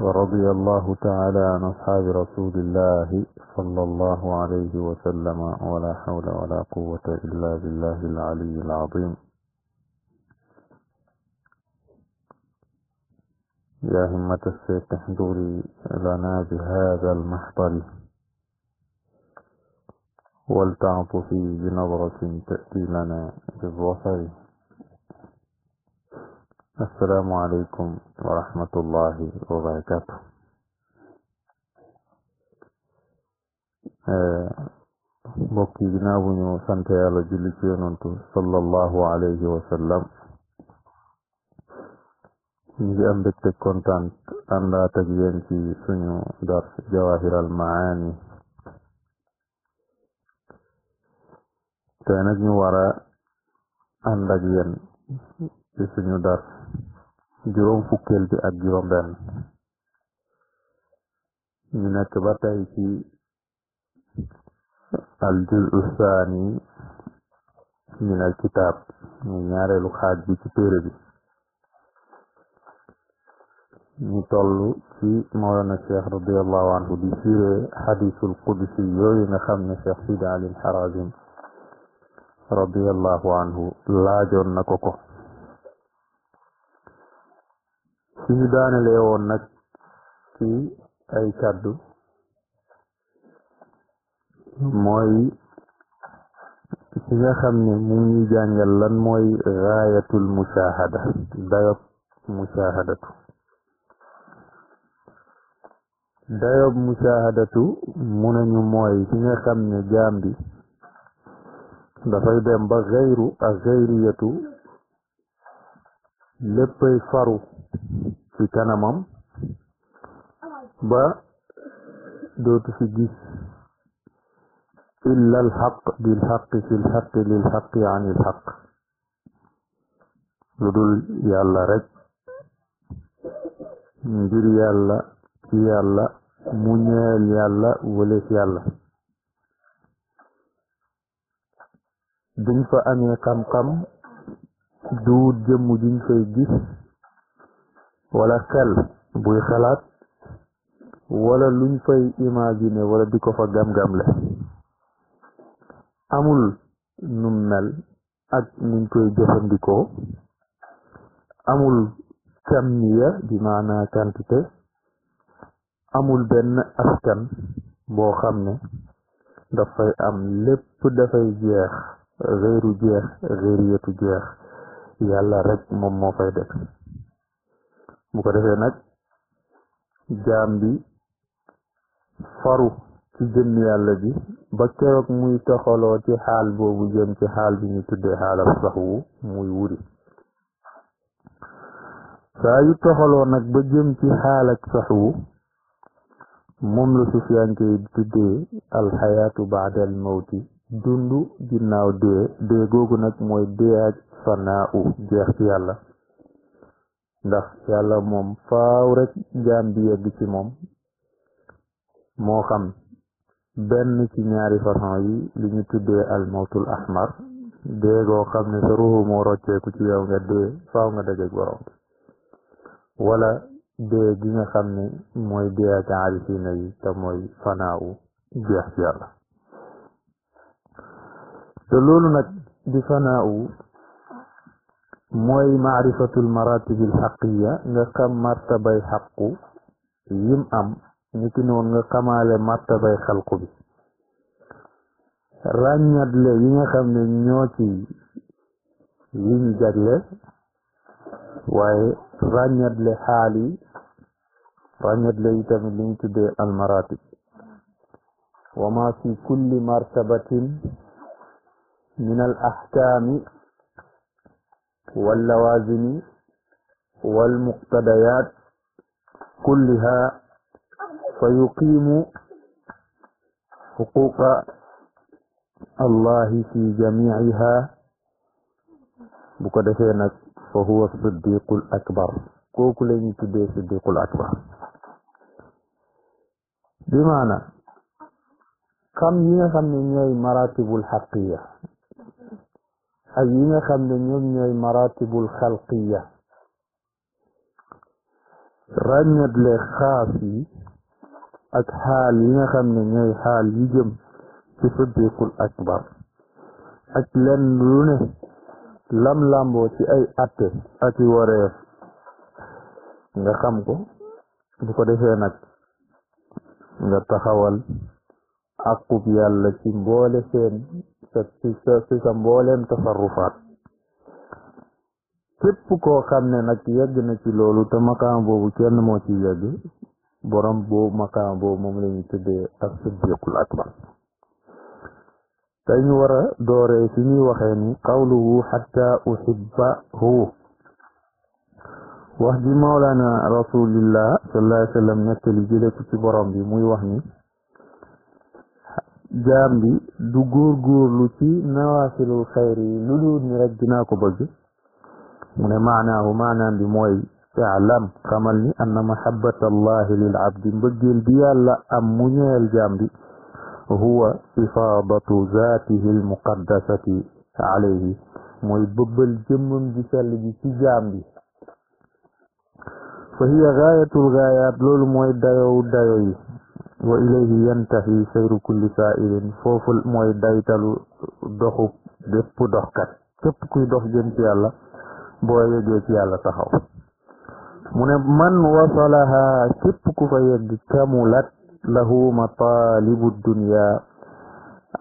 ورضي الله تعالى عن أصحاب رسول الله صلى الله عليه وسلم ولا حول ولا قوة إلا بالله العلي العظيم يا همة الشيخ احضري لنا بهذا المحضر ولتعطفي بنظرة تأتي لنا بالظفر assalaamu aleykum wa rahmatullahi wa barakaatu eh, mbokk yi ginnaaw bu ñu sant yàlla julli ci yonantu sallallahu alayhi wa sallam ñu ngi am mbégte kontaan àndaat ak yéen ci suñu dars jawahir al maani tey nag ñu wara ànd ak yéen ci suñu dar juróom fukkeel bi ak juróom benn ñu nekk ba tey ci al juzu saani min al kitaab ñu ñaareelu xaaj bi ci téere bi ñu toll ci mawlana cheikh radiallahu anhu di firee xadisul qudsi yooyu nga xam ne cheikh sidi alim harazim radiallahu anhu laajoon na koko fi ñu daanelee woon nag ci ay kàddu mooy ci nga xam ne mu ñuy jàngal lan mooy gaayatul mushahada dayob mushahadatu dayob mushahadatu mu mooy ci nga xam ne jaam bi dafay dem ba gayru ak gayriyatu léppay faru ci kanamam ba dootu fi gis illa alxaq bilxaqi fi lxaqi lilxaqi an lu dul yàlla rek ngir yàlla ci yàlla mu ñeel yàlla wëleef yàlla duñ fa amee xam-xam duwut jëmm juñ koy gis wala xel buy xalaat wala luñ fay imaginer wala di ko fa gam-gamle amul num mel ak nuñ koy jëfandikoo amul kamiya bi maanaa quantité amul benn askan boo xam ne dafay am lépp dafay jeex réeru jeex réeriyatu jeex yàlla rek moom moo fay def bu ko defee nag jaam bi faru ci jëmm yàlla bi ba keroog muy toxaloo ci xaal boobu jëm ci xaal bi ñu tuddee xaalal sax wu muy wuri saa yu toxaloo nag ba jëm ci xaal ak sax wu moom la sufiyanke yi tuddee alxayaatu baadal mawti dund ginnaaw dee dee googu nag mooy dee ak fanaaw jeex ci yàlla ndax yàlla moom faaw rek jaam yegg ci moom moo xam benn ci ñaari façon yi li ñu tuddee almawtul ahmar goo xam ne sa ruuxu moo rocceeku ci yow nga dee faaw nga dajeek borom wala dee gi xam ne mooy dee ak aarifina yi te jeex ci yàlla te loolu nag di fanaawu mooy maarifatul maratibil xaqiya nga xam martabay xaqu yim am niki noonu nga xamaale martabay xalqu bi ràññatle yi nga xam ne ñoo ci yiñ jagle waaye ràññatle xaal yi ràññatle yi tamit li ñu tuddee almaratib wa ma fi kulli martabatin من الأحكام واللوازم والمقتضيات كلها فيقيم حقوق الله في جميعها بكدفينك فهو الصديق الأكبر kooku la ñu tuddee siddiqul akbar bi maana xam yi أبينا خمن يمن المراتب الخلقية رنر لخافي أتحال ينا خمن يمن حال يجم في صديق الأكبر أتلن لونه لم لم وتي أي أت أتي وريف نخمكو بكو دفينك نتخول أقوب يالكي بولي sa ci sa tasarrufaat képp koo xam ne nag yegg na ci loolu te maqaam boobu kenn moo ci yegg borom boobu maqaam boobu moom la ñu tuddee ak siddiqul akbar dañu war a dooree fi ñuy waxee ni qawluhu xatta uhibbahu wax ji mawlaana rasulillah sallallahu alayhi wa sallam jële ko ci borom bi muy wax ni jaam bi du góorgóorlu ci nawafilul xayr yi lu dul ni rek dinaa ko bëgg mu ne maanaahu maanaam bi mooy iclam xamal ni anna mahabbata allahi lil abdi mbëggeel bi yàlla am mu ñeel jaam bi huwa ifaadatu zaatihi almuqaddasati alayhi mooy bëbbal jëmmam ji sell ji ci jaam bi fa hiya gaayatul gaayaat loolu mooy dayow dayo yi wa ilayhi yantahi sayru kulli saa'ilin foofu mooy daytalu doxu bépp doxkat képp kuy dox jëm ci yàlla boo yeggee ci yàlla taxaw mu ne man wasalaha képp ku fa yegg kamulat lahu mataalibu dunya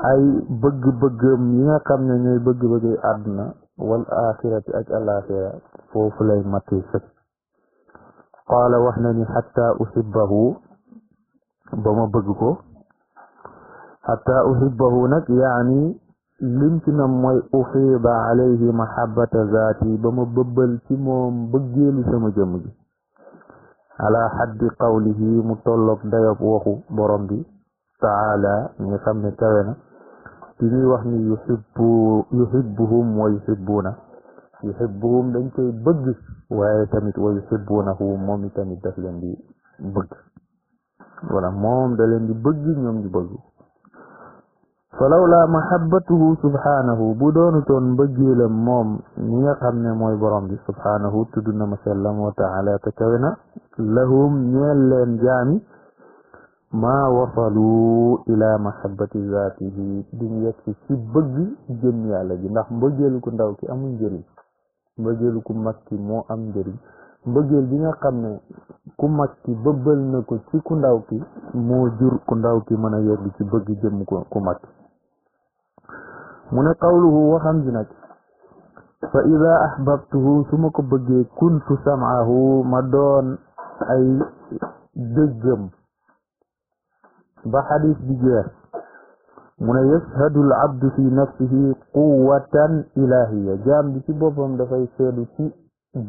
ay bëgg-bëggam yi nga xam ne ñooy bëgg-bëggay àdduna wal axirati ak alaxira foofu lay mati sëkk qaala wax na ni xatta uxibahu ba ma bëgg ko xataa uhibbahu nag yaani lim ci nam mooy uxiida alayhi mahabbata zaati ba ma bëbbal ci moom bëggeelu sama jëmm ji ala xaddi qawlihi mu tolloog dayob waxu borom bi taala mi nga xam ne kawe na ci ñuy wax ni yuhibbu yuhibbuhum wa yuhibbuuna yuhibbuhum dañ koy bëgg waaye tamit wa yuhibbuunahu moom i tamit daf leen di bëgg wala moom da leen di bëgg ñoom di bëgg falawla mahabbatuhu subhanahu bu doonutoon mbëggeelam moom ñi nga xam ne mooy borom bi subhanahu tudd na ma sellam wa taala te kawe na lahum ñeel leen jaami maa wasalu ila mahabbati zaatihi ci bëgg jëm yàlla ji ndax mbëggeelu ku ndaw ki amul njëriñ mbëggeelu ku moo am njëriñ mbëggeel bi nga xam ne ku mag ki bëbbal na ko ci ku ndaw ki moo jur ku ndaw ki mën a yegg ci bëgg jëm ku mag mu ne qawluhu waxam ji nag fa ida ahbabtuhu su ma ko bëggee kuntu samaahu ma doon ay déggam ba xadis bi jeex mu ne yashhadu al abdu fi nafsihi ci boppam dafay seedu ci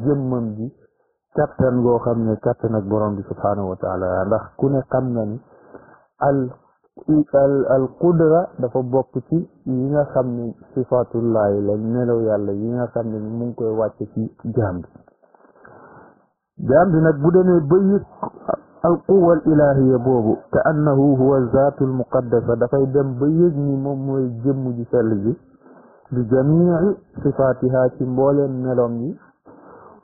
jëmmam ji kattan goo xam ne kattan ak borom bi subhaanahu wa taala ndax ku ne xam na ni al al qudra dafa bokk ci yi nga xam ne sifatullahi la nelaw yàlla yi nga xam ne mu koy wàcce ci jaam bi nag bu demee ba yëg al quwa al ilahiya boobu ka annahu huwa zaatu al muqaddasa dafay dem ba ni moom mooy jëmm ji sell ji bi jamii sifaatiha ci mbooleem yi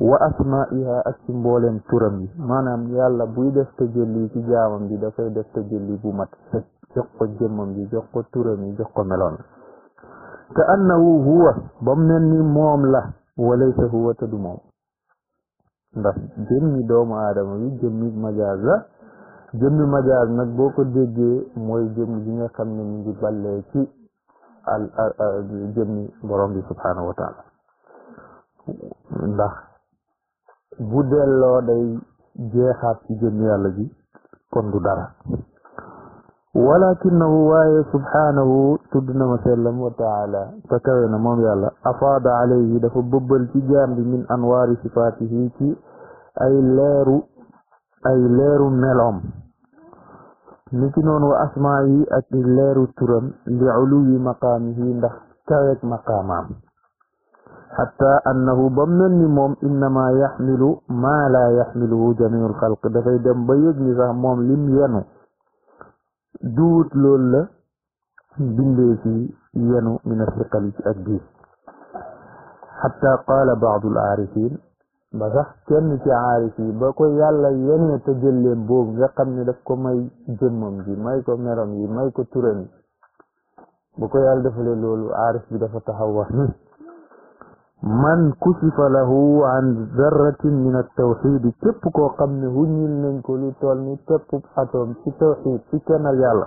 wa asma'iha ak ci mbooleem turam yi maanaam yàlla buy def tajalli ci jaamam bi dafay def tajalli bu mat sëkk jox ko jëmmam ji jox ko turam ko meloon ka annahu huwa ba mu ne ni moom la walaysa huwa te du moom ndax jëmmi doomu aadama bi jëmmi majaaz la jëmmi majaaz nag boo ko déggee mooy jëmmi bi nga xam ne mi ngi ballee ci al jëmmi borom bi subhaanahu wa bu delloo day jeexaat ci jëm yàlla ji kon du dara walakinahu waaye subhaanahu tudd na ma sellam wa taala te kawe moom yàlla afaada alayhi dafa bëbbal ci jaam bi min anwaari sifaatihi ci ay leeru ay leeru wa asmaa ak leeru turam li uluwi maqaamihi ndax kaweeg maqaamaam xatta annahu ba mel ni moom innama yaxmilu maa laa yaxmiluhu jamiul xalq dafay dem ba yëg ni sax moom lim yenu duut loolu la bindee ci yenu min asiqali ci ak diis xatta qaala baadul aarifin ba sax kenn ci aarif yi ba ko yàlla yenee te jëlleem boobu nga xam ne daf ko may jëmmam ji may ko merom yi may ko turam yi ba ko yàlla defalee loolu aarif bi dafa taxaw wax ni من كشف له عن ذرة من التوحيد كبكو قمن هني من نانكو تولني كيب حتم في توحيد في كان يالا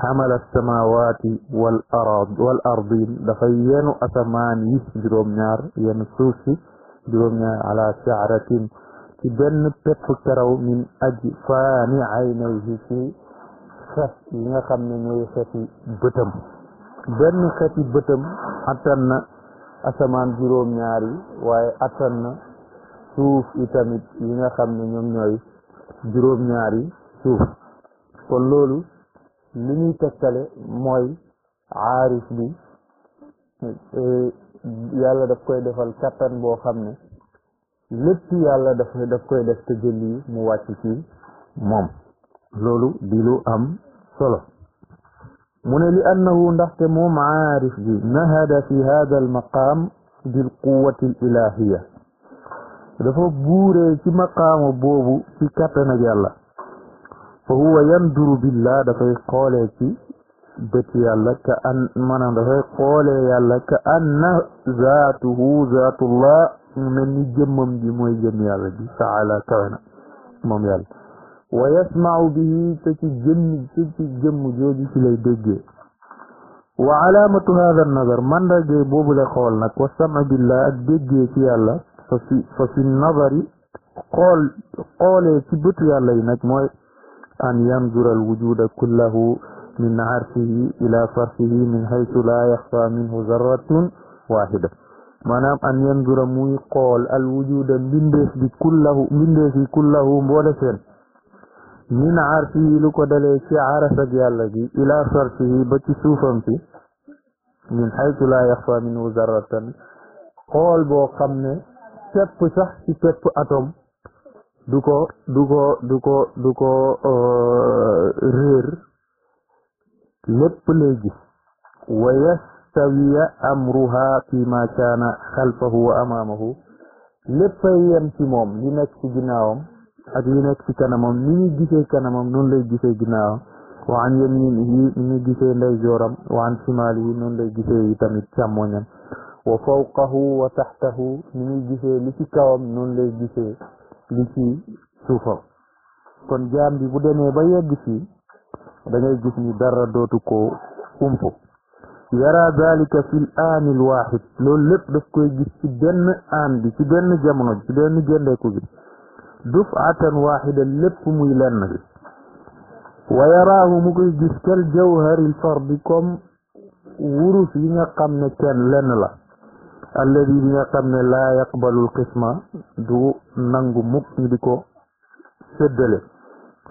حمل السماوات والأرض والأرضين دفين أثمان يسجرهم نار ينسوسي جرهم على شعرة تبن تفكروا من أجفان عينيه في خف لنخم من ويخفي بتم بن خفي بتم حتى asamaan juróom-ñaar yi waaye attan na suuf itamit yi nga xam ne ñoom ñooy juróom-ñaar yi suuf kon loolu li ñuy tegtale mooy aarif bi eh, yàlla daf koy defal kattan boo xam ne lépp yàlla daf daf koy def te jël yi mu wàcc ci moom loolu di lu am solo من لأنه نحتم معارف نهد في هذا المقام بالقوة الإلهية دفو بوري في مقام بوبو في كتنة يلا فهو يندر بالله دفو قول في بيت يلا كأن من دفو يا يلا كأن ذاته ذات الله من جمم جمو جم يلا تعالى كأن مم يلا wa yasmau bihi te ci jëmm te ci jëmm jooju ci lay déggee wa alaamatu hada nazar mandargay boobu la xool nag wa sama billah ak déggee ci yàlla fa fi fa fi nazari xool xoolee ci bëtu yàlla yi nag mooy an yanzura al wujuda kullahu min arfihi ila farsihi min haytu la yaxfa minhu zarratun waxida maanaam an yanzura muy xool al wujuda mbindeef bi kullahu mbindeef yi kullahu mboole seen min arsi yi lu ci aras ak yàlla gi ila sorti yi ba ci suufam si min xaytu laa yaxfa minhu zarratan xool boo xam ne képp sax ci képp atom du ko du ko du ko du ko euh, réer lépp lay gis wa yastawiya amruha fi ma kaana xalfahu wa amaamahu léppay yem ci moom li nekk ci ginnaawam ak yi nekk ci kanamam ni ñu gisee kanamam noonu lay gisee ginnaawam wa an yaminihi ni ñu gisee ndeyjooram wa an shimaalihi noonu lay gisee yi tamit càmmoñam wa fawqahu wa taxtahu ni ñu gisee li ci kawam noonu lay gisee li ci suufam kon jaam bi bu demee ba yegg ci da ngay gis ni dara dootu ko umpu yara dalika fi waaxid loolu lépp daf koy gis ci benn aan bi ci benn jamono ci benn géndeeku bi dufatan waxida lépp muy lenn wa yaraahu mu koy gis kel jawharil fardi comme wurus yi nga xam ne kenn lenn la alladi bi nga xam ne laa yaqbalul qisma du nangu mukk ñu di ko séddale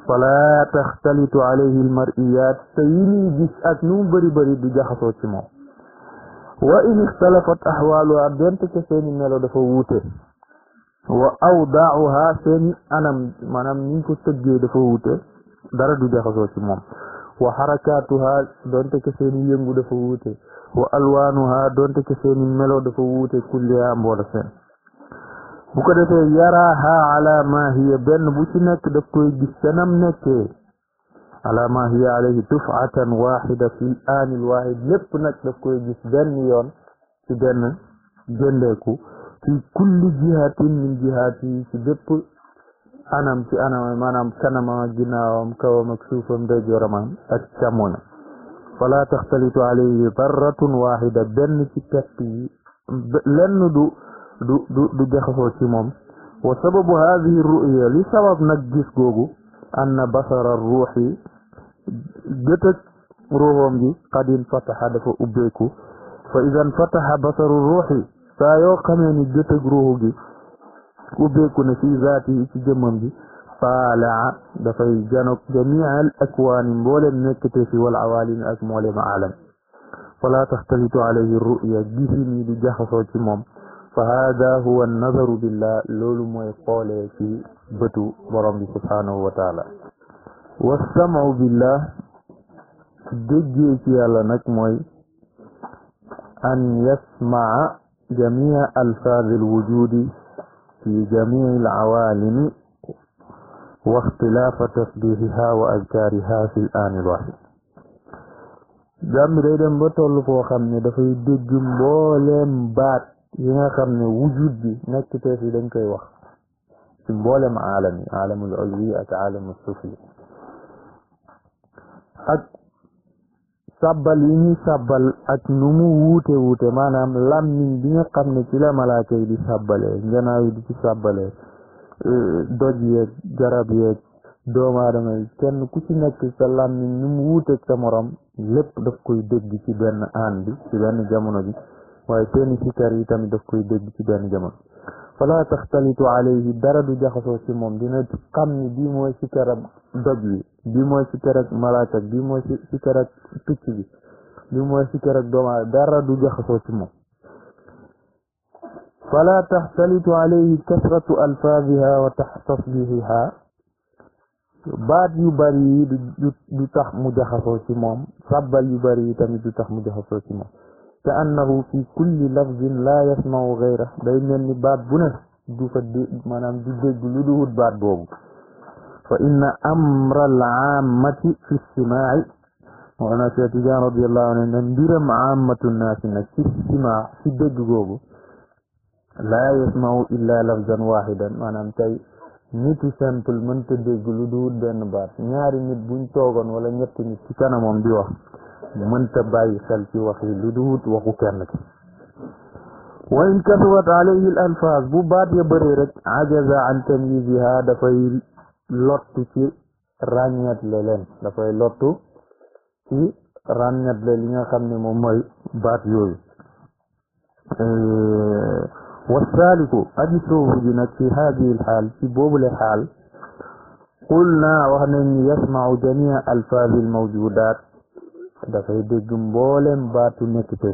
fala taxtalitu alayhi almariyat te yi ñuy gis ak nu mu bëri bëri du jaxasoo ci moom wa in ixtalafat axwaaluha dent ca seeni melo dafa wuute wa awdaaha seeni anam maanaam niñ ko tëggee dafa wuute dara du jaxasoo ci moom wa xarakaatuha donte ke seeni yëngu dafa wuute wa alwaanuha donte ke seeni melo dafa wuute kulliha mboola seen bu ko defee yaraaha ala ma hiya benn bu ci nekk daf koy gis kanam nekkee ala ma hiya alayhi tufatan waxida fi aanil waahid lépp nag daf koy gis benn yoon ci benn jëndeeku fi kulli jihatin min jihati ci bépp anam ci anam maanaam kanama ginnaawam kawam ak suufam ndeyjooram ak càmmoñam wala taxtalitu alayhi darratun waxida benn ci pepp yi lenn du du du du jaxasoo ci moom wa sababu hadihi ruya li sabab nag gis googu anna basara ruuxi gët ak ruuxoom gi qad infataxa dafa ubbeeku fa idan fataxa basaru ruuxi saa yoo xamee ni jotag ruuxu gi na fi zaati yi ci jëmmam ji taalaa dafay janoog jamia al akwaani mbooleem nekkate wal awaalimi ak mbooleem aalam falaa taxtalitu alayhi ruya gisi nii di ci moom fa haada huwa annadaru billah loolu mooy xoolee ci bëtu borom bi subhaanahu wa taala wasamau billah déggee ci yàlla nag mooy an yasmaa جميع ألفاظ الوجود في جميع العوالم واختلاف تسبيحها وأذكارها في الآن الواحد jàmm day dem ba toll foo xam ne dafay dégg mbooleem baat yi nga xam ne wujud bi nekk teef yi dañ koy wax ci mbooleem aalam yi aalamul ulwi ak aalamul suufli ak sabal yi ñuy sabal ak nu mu wuute wuute maanaam làmmiñ bi nga xam ne ci la malaaka yi di sàbbalee njanaaw yi di ci sàbbalee euh, doj yeeg garab yeeg doomu aadama yi kenn ku ci nekk sa làmmiñ nu mu wuuteeg sa morom lépp daf koy dégg ci benn aan bi ci benn jamono bi waaye seeni sikar yi tamit daf koy dégg ci benn jamono فلا تختلط عليه درد جخصو سي موم دي نيت دي موي سي كرب دوبي دي موي سي كرب ملاك دي موي سي كرب بيتي دي موي سي كرب دوما درد جخصو سي موم فلا تختلط عليه كثرة ألفاظها وتحتفظها بعد يبري دو تخ مجحفو سي موم سبل يبري تامي دو تخ مجحفو سي موم ka annahu fi kulli lafzin laa yasmau gayra day mel ni baat bu ne du fa dé maanaam du dégg lu duwut baat boobu fa inna amra al aamati fi istimaai moona Cheikh Tidiane radiallahu anhu ne mbiram aamatu naasi nag ci istimaa ci dégg googu la yasmau illa lafzan waaxidan maanaam tey nitu simple mënta dégg lu duwut benn baat ñaari nit buñ toogoon wala ñetti nit ci kanamam من تباي سلتي وخي لدود وخو كانت وإن كثرت عليه الألفاظ بباد يبريرك عجز عن تمييزها دفعي لطو كي رانيات للين دفعي لطو كي رانيات للين خمني ممي بات يوي والسالك أجسوه جنك في هذه الحال في بوبل حال قلنا وهن يسمع جميع ألفاظ الموجودات dafay dégg mboolem baatu nekk ci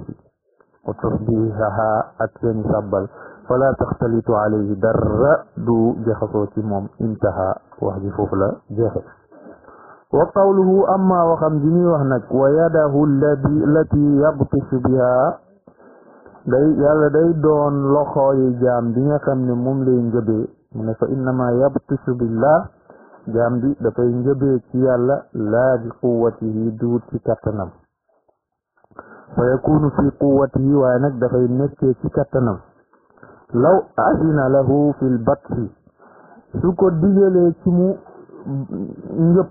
wa tasbihaha ak seeni sàbbal fala taxtalitu alayhi dara du jaxasoo ci moom intaha wax ji foofu la jeexe wa qawluhu amma waxam ji ñuy wax nag wa yadahu alladi lati yabtisu biha day yàlla day doon loxooyi jaam bi nga xam ne moom lay njëbee mu ne fa billah jaam bi dafay njëbee ci yàlla laa bi quwwatihi duut ci kattanam fa yakunu fi quwwatihi waaye nag dafay nekkee ci kattanam law azina lahu fil batsi su ko digalee ci mu njëb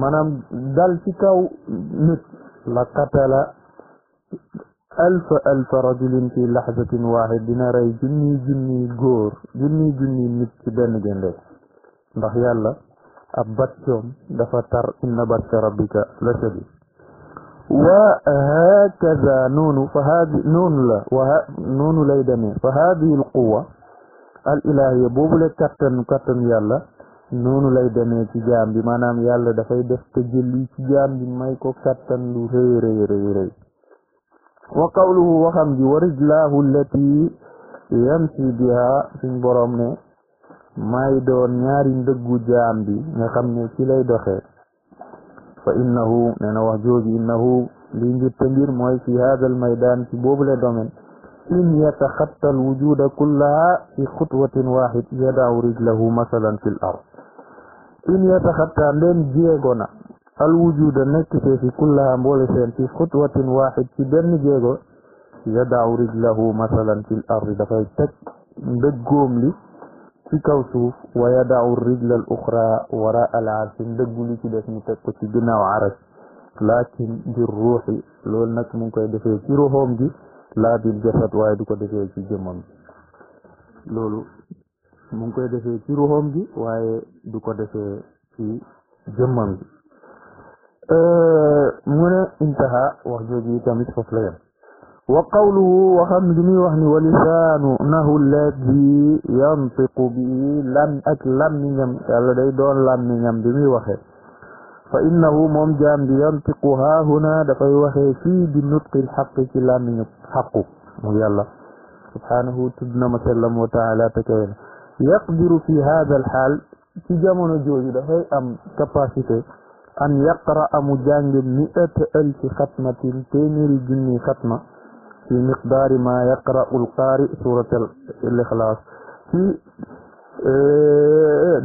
maanaam dal ci kaw nit la qatala alfa alfa rajulin fi laxzatin waaxid dina rey junni junni góor junni junni nit ci benn génde ndax yàlla ab batcoom dafa tar inna batca rabbika la shadid wa hakaza nuunu fa haadi nuunu lay demee fa haadihi al quwa al ilahiya boobule kattan kattan yàlla noonu lay deme ci jaam bi maanaam yàlla dafay def te jëli ci jaam bi may ko kattan lu rëy rëy rëy rëy wa qawluhu waxam ji wa rijlaahu allati biha suñ borom may doon ñaari ndëggu jaam bi nga xam ne ci lay doxe fa innahu nee na wax jooju innahu li ngir te mbir mooy fi hada al maydan ci boobule domaine in yataxatta al wujuda kullaha fi xutwatin waxid yadaw rijlahu masalan fi l ard in yataxatta ndeen jéego na al wujuda nekk fee fi kullaha mboole seen fi xutwatin waxid ci benn jéego yadaw rijlahu masalan fi l ard dafay teg ndëggoom li ci kaw suuf wa yadau rijla al oxra wara al arshi ci des mu teg ko ci ginnaaw aras laakin bi ruuxi loolu nag mu ngi koy defee ci ruuxoom gi laa bil jasad waaye du ko defee ci jëmmam gi loolu mu ngi koy defee ci ruuxoom gi waaye du ko defee ci jëmmam gi euh, mu ne intaha wax jooju tamit foofu la yem وقوله وخم جمي وهن ولسانه الذي ينطق به لم أكلم لم يم يلا دون لم يم بمي وخي فإنه ممجام جام ينطق ها هنا دفاي وخي في بنطق الحق كي من نيم يلا سبحانه تبنا مسلم وتعالى تكين يقدر في هذا الحال في جامونو جوجي دفاي ام كاباسيتي أن يقرأ مجانب مئة ألف ختمة تيمير جني ختمة fi miqdaari maa yaqra'ul qaari suuratal ixlaas ci e,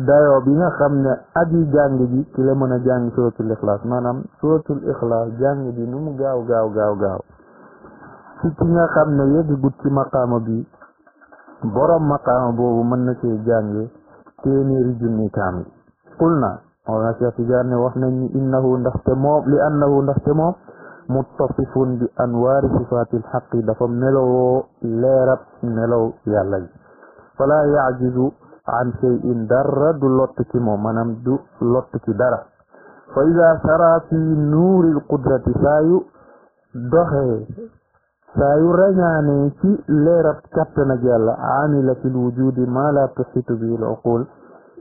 dayoo bi nga xam ne aji jàng ji ci la mën a jàng suuratul ixlaas maanaam suuratul ixlaas jàng ji nu mu gaaw gaaw gaaw gaaw ci ki nga xam ne yeggagut ci maqaama bi borom maqaama boobu mën na ci jàng téeméeri junni kaamil qul na moo na Cheikh Tidiane wax nañ ni innahu ndaxte moom li an annahu ndaxte moom muttatifun bi anwaari sifaatil xaqi dafa melowoo leerab melow yàlla yi falaa yajizu an cheyin dara du lott ci moom maanaam du lott ci dara fa ida sara fi nuuril qudrati saa yu doxee saa yu leerab kàttan ak yàlla amila fi lwujudi maa la tuxitu bi l uqul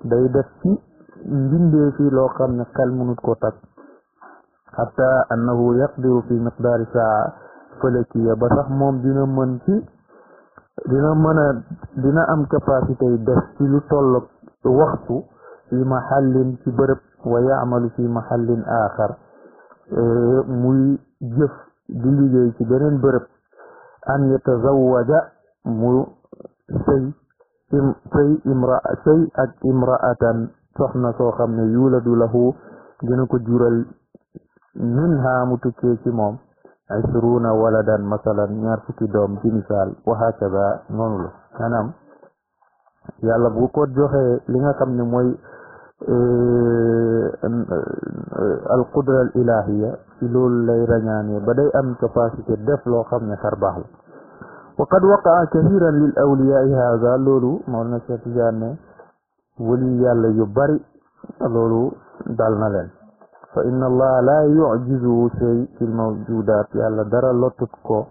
day def ci mbindee fi loo xam ne xel ko takk xataa annahu yaqdiru fi miqdaari saa fële ci ba sax moom dina mën ci dina mën a dina am capacité yi def ci lu tolloog waxtu fi mahallin ci bërëb wa yaamalu fi mahallin aaxar eh, muy jëf di liggéey ci beneen bërëb an yatazawaja mu sëy im sëy imra sëy ak imraatan soxna soo xam ne yuuladu lahu dina ko jural minha mu tukkee ci moom wala waladan masalan ñaar fukki doom ci misaal wa hakada noonu la maanaam yàlla bu ko li nga xam ni mooy eh, al qudra al ilahiya ci loolu lay rañaanee ba day am capacité def loo xam ne xar baax la wa qad waqaa kathiran lil awliyaai haada loolu moom na seeti ne wali yàlla yu bari loolu dal na leen fa inna allaha laa yujizuhu shay fi lmawjudat yàlla dara lotut ko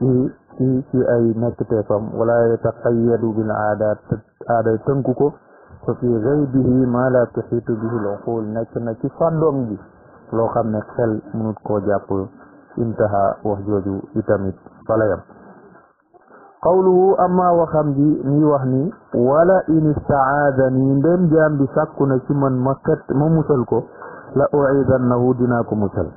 ci ci ci ay nekkteefam wala yataqayadu bil aadaat aaday tënku ko fa fi gaybihi ma la tuxiitu bihi luqul nekk na ci fàndoom ji loo xam ne xel mënut koo jàpp intaha wax jooju itamit falayam qawluhu amma waxam ji mi wax ni wala in istacaada nii ndem jaam bi sàkku na ci man ma xet ma musal ko la ucidannahu dinaa ko mucal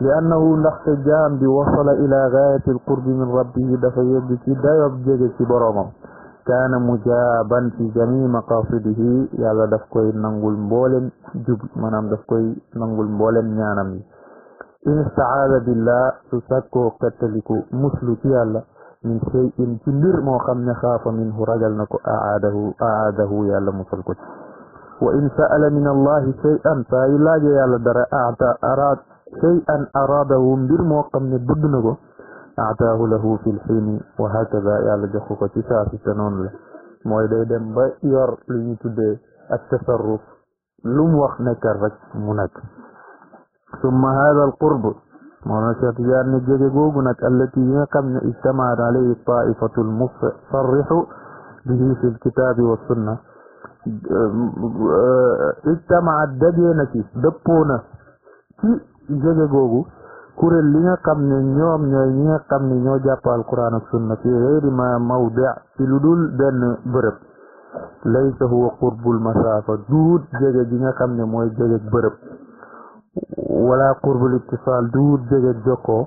li annahu ndaxte jaam bi wasala ila gaayati alqurbi min rabbihi dafa yegg ci dayob jege ci boroomam kaana mujaaban fi jamii maqasidihi yàlla daf koy nangul mboolem jub maanaam daf koy nangul mboolem ñaanam yi in istacaada billah su sàkkoo kattaliku muslu ci yàlla min shay'in ci mbir moo xam ne xaafa minhu ragal na ko acaadahu acaadahu yàlla musal ko ci وإن سأل من الله شيئا فإلا جيال در أعطى أراد شيئا أراده من بالموقع من بدنه أعطاه له في الحين وهكذا يعلى جخوك تسعة سنون له مويدا يدن بأيور لنتدي التصرف لم وقنك الرك منك ثم هذا القرب مناشط جان جيجوغنك التي يقمن اجتمع عليه الطائفة المصرح به في الكتاب والسنة Euh, euh, ijtamaat dajee na ci dëppoo ci jege googu kuréel li nga xam ne ñoom ñooy ñi nga xam ne ñoo jàpp alquran ak sunna fi xeyri ma mawdi ci lu dul benn bërëb laysa huwa qurbul masaafa duut jege gi nga xam ne mooy jege bërëb wala qurbul ittisaal duut jege jokkoo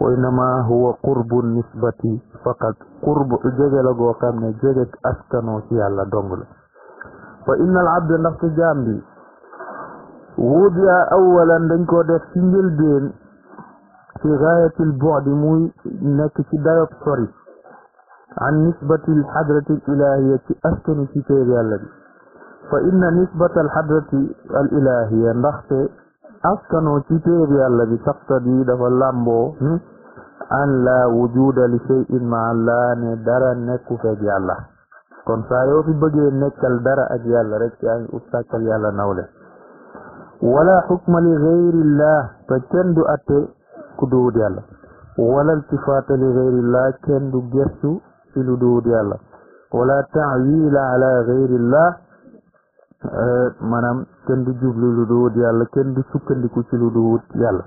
wa innama huwa qurbu nisbati faqat jege la goo xam ne jege askano ci yàlla dong la وإن العبد نقص جامبي وضع أولا دنكو دف سنجل بين في غاية البعد موي نكي دايب صري عن نسبة الحضرة الإلهية أسكن في تيري الذي فإن نسبة الحضرة الإلهية نقص أسكن في تيري الذي تقتدي دفع اللامبو أن لا وجود لشيء مع الله ندر نكو في الله kon saa yoo fi bëggee nekkal dara ak yàlla rek yaa ngi ut sàkkal yàlla nawle wala xukma li gayrillah te kenn du atte ku duwut yàlla wala iltifaata li gayrillah kenn du gëstu ci lu duwut yàlla wala taawila ala gayrillah eh, maanaam kenn du jublu lu duwut yàlla kenn du sukkandiku ci lu duwut yàlla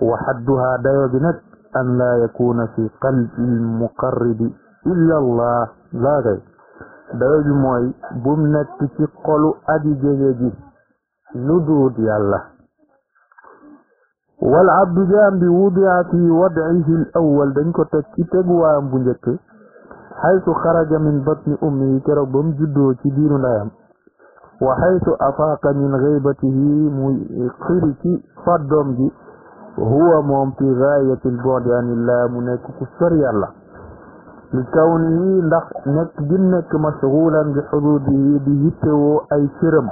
wa xadduhaa dayo bi nag an laa yakuna fi qalbi illa allah laa gay dayo bi mooy bum nekk ci xolu aji jege ji lu duut yàlla wal abdu jaam bi wudiya fi wad'ihi al awwal ko teg ci teguwaayam bu njëkk xaytu xaraja min batni ummihi keroog ba mu ci diiru ndayam wa xaytu min ghaybatihi muy xiri ci fàddoom gi huwa moom fi gaayati al bu'di anillah mu nekk ku sori yàlla li kawnihi ndax nekk gi nekk mashghulan bi xuduudihi di yittewoo ay cëram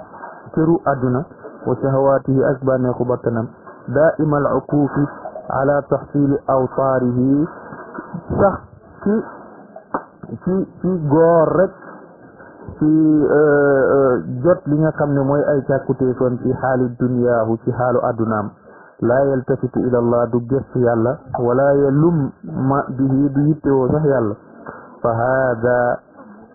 cëru àdduna wa shahawaatihi ak bànneexu bakkanam daaima al uquufi ala taxsili awtaarihi sax ci ci ci euh, euh, jot li nga xam ne mooy ay càkkutéefam ci xaali duniyaahu ci xaalu addunaam laa yaltafitu ila du gëstu yàlla wala yalum ma bihi du yittewoo sax yàlla fahada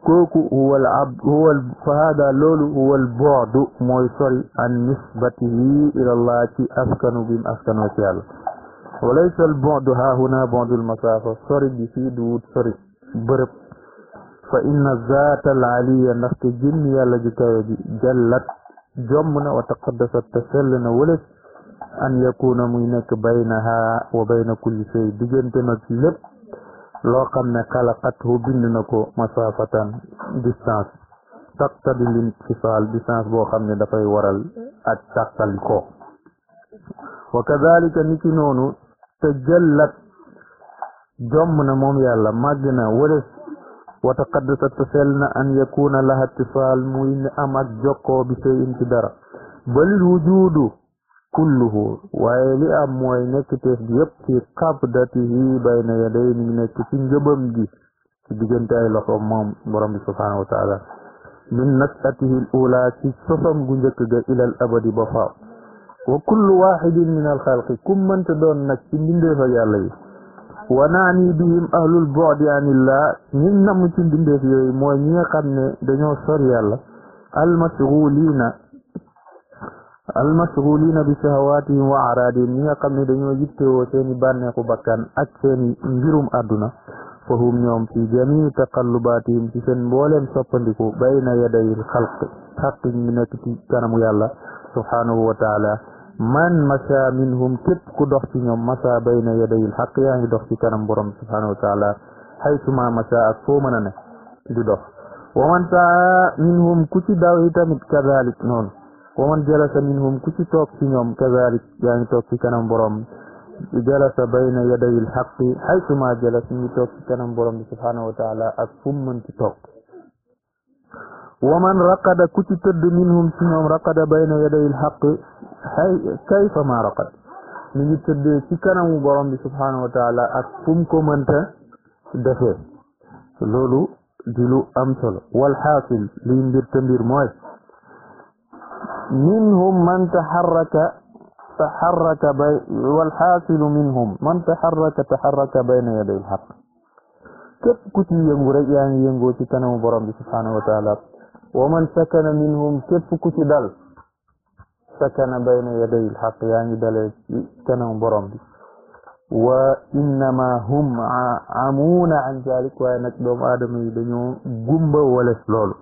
kooku huwa al abd huwa fahada loolu huwa al bu'd mooy sori an nisbatihi ila allah ci askanu bi mu askanoo ci yàlla walaysa al bu'd ha huna bu'dul masafa sori bi fii du wut sori bërëb fa inna zaata al aliya ndaxte jënn yàlla ji kawe ji jallat jomm na wa taqaddasat te sell na wëlës an yakuna muy nekk baynaha wa bayna kulli shay diggante nag lépp loo xam ne xalaqathu bind na ko masafatan distance taqtadi linfisaal distance boo xam ne dafay waral ak tàqali ko wa kadalika ni ki noonu te jëllat jomm na moom yàlla màgg na wales wa taqaddasat te na an yakuna laha ittisaal muy am ak jokkoo bi sey in ci dara balil wujudu kulluhu waaye li am mooy nekkiteef gi yëpp ci qabdatihi bayna yaday mi ngi nekk ci njëbam gi ci diggante ay loxo moom borom bi subhanahu wa taala min nasatihi l ula ci sosom gu njëkk ga ilal abadi ba faaw wa kullu waxidin min al xalqi ku doon nag ci mbindeef yi wa naani bihim ahlul bodi anillah ñi namm ci mbindeef yooyu mooy ñi nga xam ne dañoo sor yàlla almasguliina almashghulina bi shahawatihim wa aradihim ñi nga xam ne dañoo yittewoo seen i bànneexu bakkan ak seen i mbirum àdduna fahum ñoom fi jamii taqallubaatihim ci seen mbooleem soppandiku bayna yadayil xalq xaq ñi nekk ci kanamu yàlla subhaanahu wa taala man macha minhum képp ku dox ci ñoom macha bayna yadayil xaq yaa ngi ci kanam borom subhaanahu wa taala xaytuma macha ak foo mën a ne di dox wa man saa minhum ku ci daw itamit kadalik noonu ومن جلس منهم كتي توك في نوم كذلك يعني توك في كنم برام جلس بين يدي الحق حيث ما جلس من توك في كنم برام سبحانه وتعالى أكثم من توك ومن رقد كتي تد منهم في نوم رقد بين يدي الحق حي... كيف ما رقد من تد في كنم برام سبحانه وتعالى أكثم من دفع لولو دلو أمثل والحاصل لين بير تنبير منهم من تحرك تحرك بي والحاصل منهم من تحرك تحرك بين يدي الحق كيف كتي ينغو رك ياغي ينغو سي كانو بروم سبحانه وتعالى ومن سكن منهم كيف كتي دال سكن بين يدي الحق يعني دال كانو بروم wa innama hum amuuna an zalik waaye nag doomu aadama yi dañoo gumba wales loolu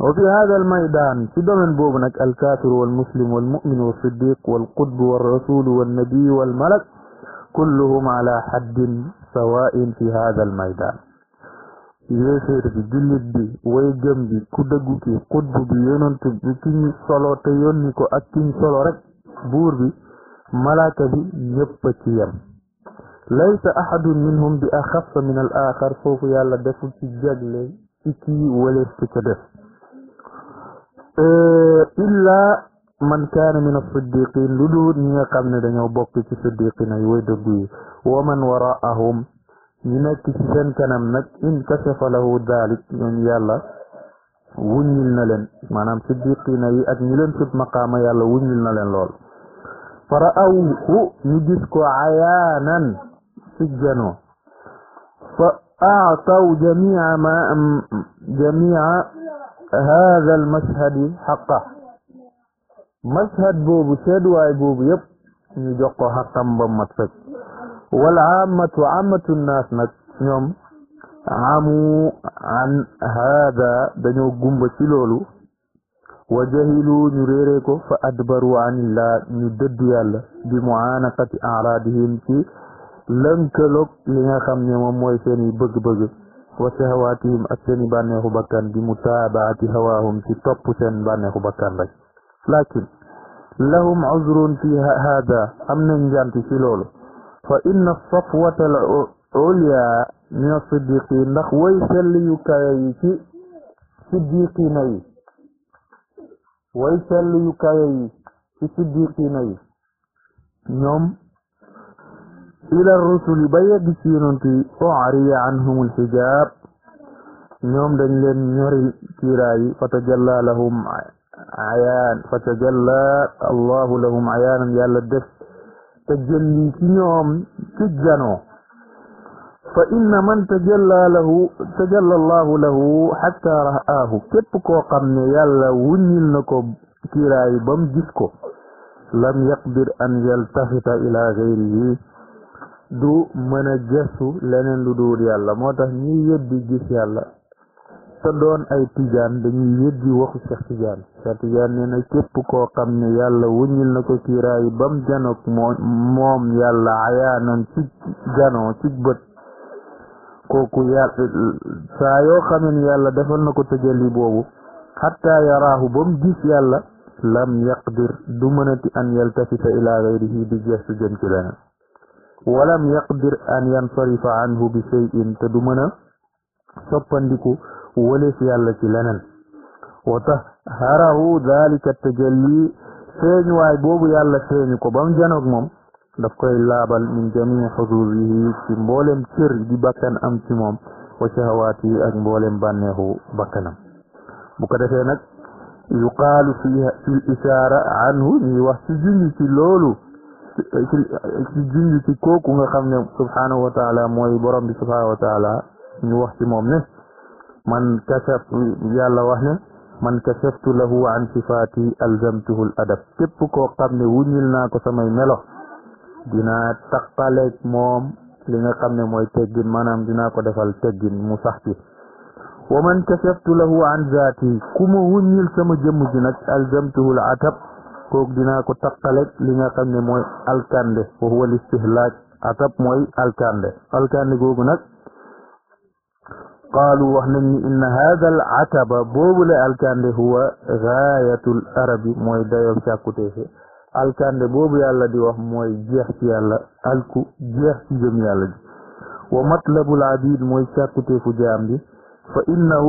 وفي هذا الميدان في ضمن بوبنك الكافر والمسلم والمؤمن والصديق والقدب والرسول والنبي والملك كلهم على حد سواء في هذا الميدان يسير في جلد بي ويجم بي كدقو كي قدب بي ينطب بي كين صلو تيوني كو أكين صلو رك بور بي ملاك بي يبا كيام ليس أحد منهم بأخف من الآخر فوق يالا دفو كي جاد لي إكي ولي استكدف Eh, illa man kaana min as-siddiqin lu dul ñi nga xam ne dañoo bokk ci siddiqina yi way dëggu yi wa man waraahum ñi nekk ci seen kanam nag in kashafa lahu dalik ñooñu yàlla wuññil na leen maanaam siddiqina yi ak ñi leen sut maqaama yàlla wuññil na leen lool fa ra'awhu ñu gis ko ayaanan sijjanoo fa aataw jamia ma jamia hada al mashhad yi xaqa mashhad boobu seeduwaay boobu yëpp ñu jox ko xaqam ba mat sëkk wal amatu amatu naas nag ñoom amu an hada dañoo gumba ci loolu wa jahilu ñu réeree ko fa adbaru anillah ñu dëddu yàlla bi muanaqati aradihim ci lënkaloog li nga xam ne moom mooy seeni bëgg-bëgg wa shahawaatihim ak seeni bànneexu bakkan bi mutaabaati hawaahum ci topp seen bànneexu bakkan rek lakin lahum uzrun fi hada am nañ njanti ci loolu fa inna safwata al min as-siddiqin ndax way sell yu kawe ci siddiqina yi way sell yu kawe ci siddiqina yi ñoom ila rusuli ba yegg ci yonent yi u'riya anhum alxijaab ñoom dañ leen ñoril kiiraayi fa tajalla lahum ayaan fa tajalla allahu lahum ayaanan yàlla def tajalli ci ñoom ci janoo fa inna man tajalla lahu tajalla allahu lahu xatta ra'aahu képp koo xam ne yàlla wuññil na ko kiiraayi bam gis ko lam yaqdir an yaltafita ila gayrihi du mën a leneen lu duur yàlla moo tax ñi weddi gis yàlla te doon ay tijaan dañuy weddi waxu Cheikh Tidiane Cheikh Tidiane nee na képp koo xam ne yàlla wuññil na ko kiiraay bam janoog moo moom yàlla ayaanan ci janoo ci bët kooku yàlla saa yoo xamee yàlla defal na ko tëjali boobu xatta yaraahu ba mu gis yàlla lam yaqdir du mënati an yaltafita ilaa gayrihi di gestu jëm ci leneen ولم يقدر أن ينصرف عنه بشيء تدمنا صفندكو وليس يالك لنن وتهره ذلك التجلي سيني واي بوب يالك سين كو بام جنوك موم دفكو اللابل من جميع حضوره سيمبولم تر دي بكان أم تموم وشهواتي أن بولم بانه بكنا بكدفينك يقال فيها في الإشارة عنه نيوه في لولو ci ci junj ci kooku nga xam ne subhaanahu wa taala mooy borom bi subhaanahu wa taala ñu wax ci moom ne man kashaf yàlla wax ne man kashaftu lahu an sifaati alzamtuhu adab képp ko xam ne wuññil naa ko samay melo dinaa taqaleeg moom li nga xam ne mooy teggin maanaam dinaa ko defal teggin mu sax ci wa man kashaftu lahu an zaati ku ma wuññil sama jëmm ji nag alzamtuhu adab kok dina ko takkalek li nga xamne moy alkande fo huwa listihlak atab moy alkande alkande gogu nak قالوا وحنا ان هذا العتب بوبل الكاند هو غايه العرب موي دايو تاكوتيه الكاند بوب يالا دي واخ موي جيخ سي يالا الكو جيخ سي جيم يالا دي ومطلب العبيد موي تاكوتيه فو جام فانه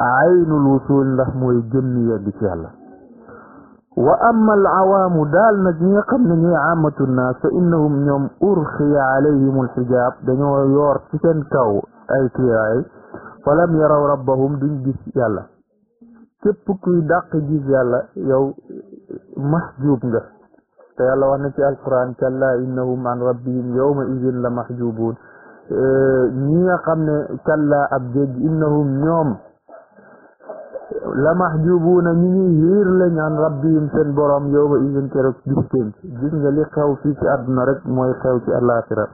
عين الوصول ندخ موي جيم wa amma al awaamu daal nag ñi nga xam ne ñooy amatu naas fa innahum ñoom urxiya alayhim alxijaab dañoo yoor ci seen kaw ay kiiraay fa lam yaraw rabbahum duñ gis yàlla képp kuy dàq gis yàlla yow mahjub nga te yàlla wax na ci alquran kalla innahum an rabbihim yawma idin la mahjubuun ñi nga xam ne kalla ab jéggi innahum ñoom la mahjubuuna ñi ñuy yiir lañ an rabbihim seen borom yow ma isin keroog gis pénc gis nga li xew fii ci àdduna rek mooy xew ci àllaaxira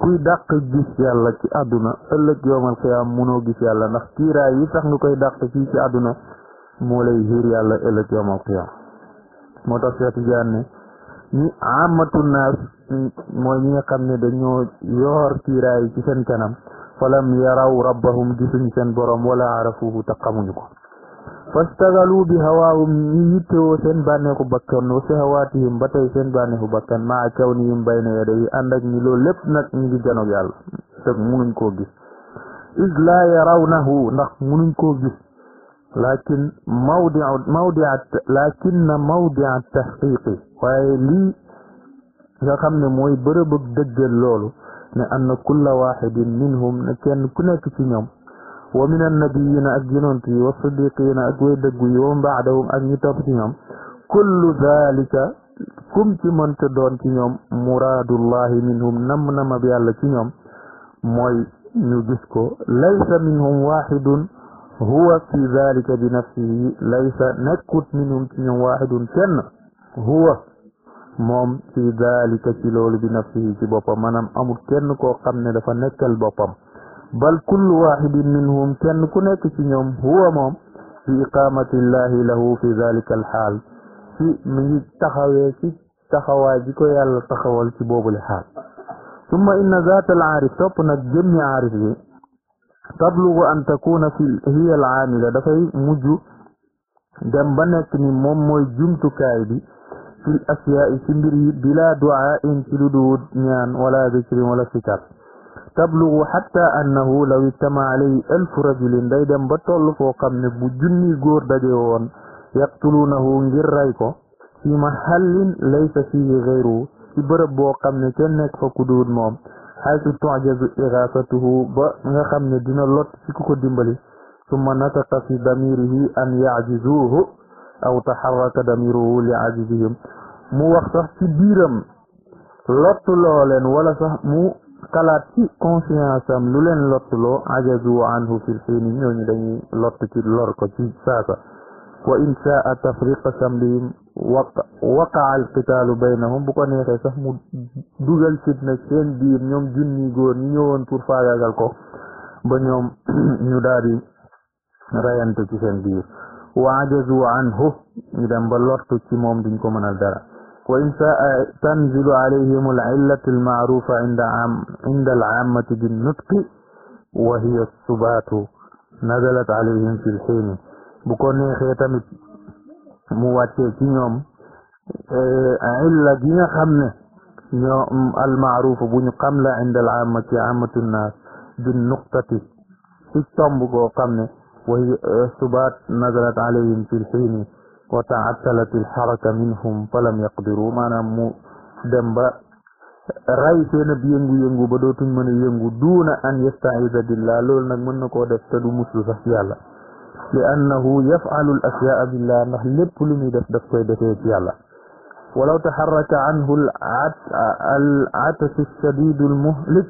kuy dàq gis yàlla ci àdduna ëllëg yowmal xiyaam munoo gis yàlla ndax kiiraay yi tax nga koy dàq fii ci àdduna moo lay yiir yàlla ëllëg yowmal xiyaam moo tax Cheikh Tidiane ne ñi naas mooy ñi nga xam ne dañoo yoor kiiraay ci seen kanam falam yaraw rabbahum gisuñu seen borom wala arafuhu te xamuñu ko fastagalu bi hawaahum ñi yittewoo seen bànneexu bakkan wa sahawaatihim ba tey seen bànneexu bakkan maa kaw ni yim bay na yada yi ànd ak ñi loolu lépp nag ñu ngi janoog yàlla te munuñ koo gis is laa yarawnahu ndax munuñ koo gis laakin mawdi mawdi laakin na mawdi tahqiqi waaye lii nga xam ne mooy bërëb ak loolu ne anna kulla waxidin minhum ne kenn ku nekk ci ñoom wa min annabiyina ak yonent yi wa siddiqina ak way dëggu yi wa baadahum ak ñi topp ci ñoom kullu dalika kum ci mënta doon ci ñoom muraadullahi minhum nam nama bi yàlla ci ñoom mooy ñu gis ko laysa minhum waxidun huwa fi dalika bi nafsihi laysa nekkut minhum ci ñoom waxidun kenn huwa moom fi dalika ci loolu bi nafsihi ci boppam maanaam amul kenn koo xam ne dafa nekkal boppam bal kullu waxidin minhum kenn ku nekk ci ñoom huwa moom fi iqaamatillahi lahu fi dalika alxaal ci mi ngi taxawee ci taxawaay ji ko yàlla taxawal ci boobule xaal summa inna zaata alaarif topp nag jëmmi aarif bi tablugu an takuna fi hiya alaamila dafay mujj dem ba nekk ni moom mooy jumtukaay bi fi l asyaai ci mbir yi bila duaa in ci lu duwut ñaan wala zikrin wala sikar تبلغ حتى أنه لو اجتمع عليه ألف رجل ديدا بطل فوق من بجني جور دجيوان يقتلونه انجر رايكو في محل ليس فيه غيره في برب بوق من كنك فكدود موم حيث تعجز إغاثته بغخ من دين اللط سكوك الدنبالي ثم نطق في ضميره أن يعجزوه أو تحرك ضميره لعجزهم مو وقت في ديرم لط لولن ولا سهمو xalaat ci conscience am lu leen lottuloo ajazu anhu fil xiini ñooñu dañuy lott ci lor ko ci saasa wa in shaa tafriqa samlihim waqa waqaa alqitaalu baynahum bu ko neexee sax mu dugal fitna seen biir ñoom junni góor ñu ñëwoon pour faagaagal ko ba ñoom ñu daal di rayante ci seen biir wa ajazu anhu ñu dem ba lottu ci moom duñ ko mënal dara وإن تنزل عليهم العلة المعروفة عند عام عند العامة بالنطق وهي السبات نزلت عليهم في الحين bu ko neexee علة mu خمنة ci بن قملة عند العامة عامة الناس بالنقطة ستم tomb قملة وهي السبات نزلت عليهم في الحين وتعطلت الحركة منهم فلم يقدروا ما نمو دمبا رايت سينا بينغو ينغو بدوت من ينغو دون أن يستعيذ بالله لول نك من نكو دفتدو مسلسة يالا لأنه يفعل الأشياء بالله نح لبول ميدف دفتو دفت يالا ولو تحرك عنه العتس الشديد المهلك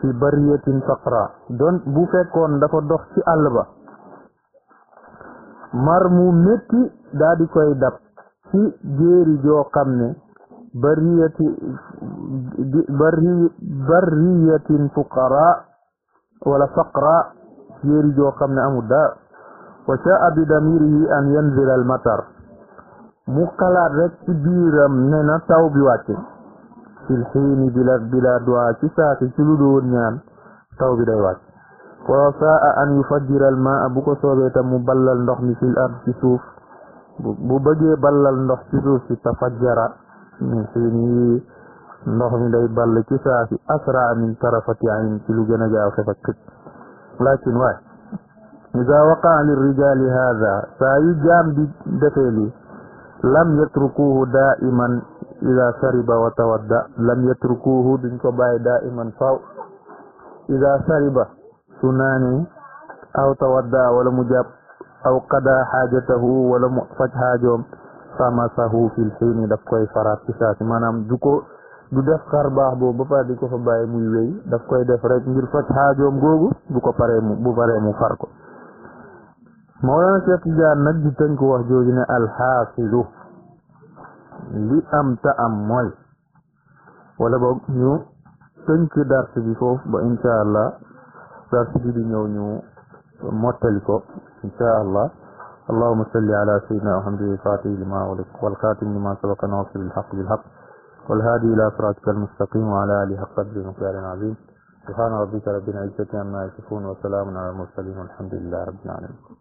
في برية فقراء دون بوفيكون دفت دفت ألبا mar mu métti daa koy dab ci jéeri joo xam ne bariyati bari bariyatin fuqara wala faqra jéeri joo xam ne amul daa wa caa bi damirihi an yanzila al matar mu xalaat rek ci biiram ne na taw bi wàcce fil xiini ci saati lu doon ñaan taw bi day wàcc wa saa an yufajjira al maa bu ko soobee tam mu ballal ndox mi fil ard ci bu bëggee ballal ndox ci suuf si tafajjara ndox mi day ball ci saa si min tarafati ayn ci lu gën a gaaw xef ak xëcc lakin waay ida waqaa lirrijali haada saa yu jaam bi defee lam yatrukuuhu daiman ida shariba wa lam yatrukuuhu duñ ko bàyyi daiman faw ida shariba su naanee aw tawadda wala mu jàpp aw qada xaajatahu wala mu faj xaajoom famasahu fil xiini daf koy faraat ci saasi maanaam du ko du def xar baax boobu ba pare di ko fa bàyyi muy wéy daf koy def rek ngir faj xaajoom googu bu ko paree mu bu paree mu far ko Mawlana Cheikh Tidiane nag di tënk wax jooju ne lu li am ta am moy wala boog ñu tënk dars bi foofu ba incha allah درس bi di اللهم صل على سيدنا محمد الفاتح لما ولك والخاتم لما سبق ناصر بالحق بالحق والهادي إلى صراطك المستقيم وعلى آله حق قدر ومقدار عظيم سبحان ربك رب العزة عما يصفون وسلام على المرسلين والحمد لله رب العالمين